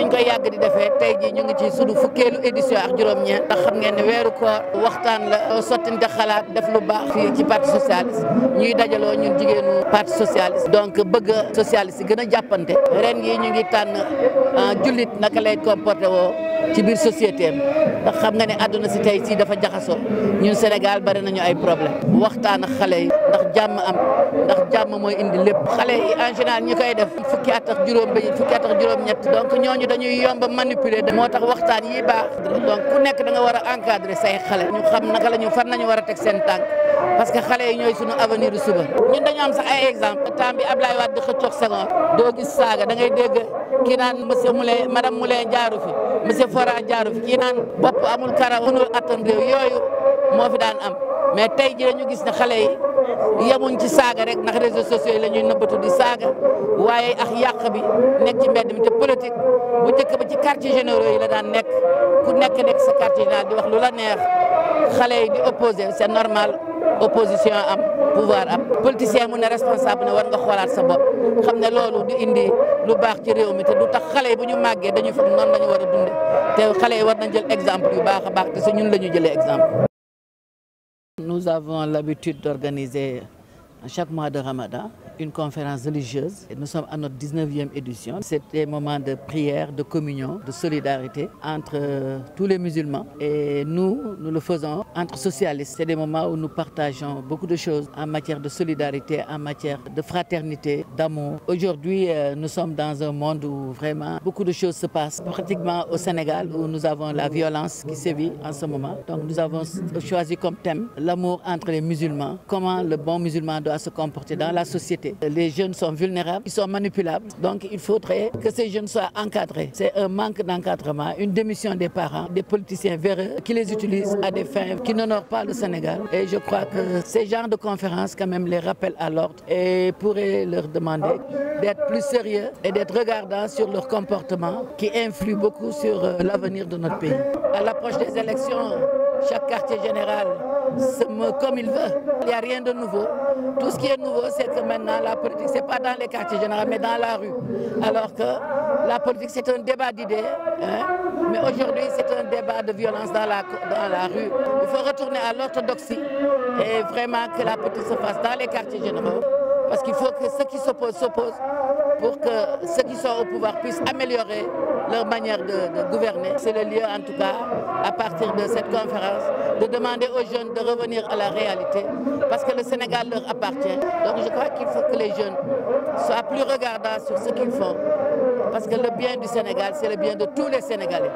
ñu koy yàgg di defee tey jii ñu ngi ci sunu fukkeelu édition ak juróom-ñeent ndax xam ngeen ne weeru ko waxtaan la euh, sottinte xalaat def lu baax fii ci parti socialiste ñuy dajaloo ñu jigéenu parti socialiste donc bëgg socialiste gën a jàppante ren yi ñu ngi tànn euh, jullit naka lay comporté woo ci biir société am ndax xam nga ne àdduna si tey si dafa jaxasoo ñun Sénégal bari nañu ay problème waxtaan ak xale yi ndax jàmm am ndax jàmm mooy indi lépp xale yi en général ñi koy def fukki at ak juróom ba fukki at ak juróom-ñett donc ñooñu dañuy yomb a manipuler moo tax waxtaan yi baax donc ku nekk da nga war a encadrer say xale ñu xam naka la ñu fan nañu war a teg seen tànk parce que xale yi ñooy suñu avenir suba ñun dañu am sax ay exemple temps bi Ablaye Wade di xëccoog Senghor doo saaga da kii naan monsieur Moulin madame Moulin jaaru fi monsieur Fora jaaru fi kii naan bopp amul karaw mënul attan réew yooyu moo fi daan am mais tey ji dañu gis ne xale yi yemuñ ci saaga rek ndax réseaux sociaux yi la ñuy nëbbatu di saaga waaye ak yàq bi nekk ci mbedd mi te politique bu njëkk ba ci quartier généraux yi la daan nekk ku nekk nekk sa quartier général di wax lu la neex xale yi di opposé c'est normal opposition am pouvoir am politicien mu ne responsable ne war nga xoolaat sa bopp xam lolu du indi lu bax ci réew mi te du tax xalé buñu maggé dañu fa non lañu wara war té xalé war nañ jël exemple yu baaxa baax te si ñun lañu ñu exemple. Nous avons l'habitude d'organiser chaque mois de Ramadan une conférence religieuse. nous sommes à notre 19e édition. C'est un moment de prière, de communion, de solidarité entre euh, tous les musulmans. Et nous, nous le faisons entre socialistes. C'est des moments où nous partageons beaucoup de choses en matière de solidarité, en matière de fraternité, d'amour. Aujourd'hui, euh, nous sommes dans un monde où vraiment beaucoup de choses se passent. Pratiquement au Sénégal, où nous avons la violence qui sévit en ce moment. Donc nous avons choisi comme thème l'amour entre les musulmans, comment le bon musulman doit se comporter dans la société les jeunes sont vulnérables, ils sont manipulables. Donc il faudrait que ces jeunes soient encadrés. C'est un manque d'encadrement, une démission des parents, des politiciens véreux qui les utilisent à des fins qui n'honorent pas le Sénégal. Et je crois que ces genres de conférences, quand même, les rappellent à l'ordre et pourraient leur demander d'être plus sérieux et d'être regardants sur leur comportement qui influe beaucoup sur euh, l'avenir de notre pays. À l'approche des élections, chaque quartier général comme il veut. Il n'y a rien de nouveau. Tout ce qui est nouveau, c'est que maintenant la politique, ce n'est pas dans les quartiers généraux, mais dans la rue. Alors que la politique, c'est un débat d'idées. Hein. Mais aujourd'hui, c'est un débat de violence dans la, dans la rue. Il faut retourner à l'orthodoxie et vraiment que la politique se fasse dans les quartiers généraux parce qu'il faut que ceux qui s'opposent s'opposent pour que ceux qui sont au pouvoir puissent améliorer leur manière de, de gouverner. C'est le lieu en tout cas, à partir de cette conférence, de demander aux jeunes de revenir à la réalité, parce que le Sénégal leur appartient. Donc je crois qu'il faut que les jeunes soient plus regardants sur ce qu'ils font, parce que le bien du Sénégal, c'est le bien de tous les Sénégalais.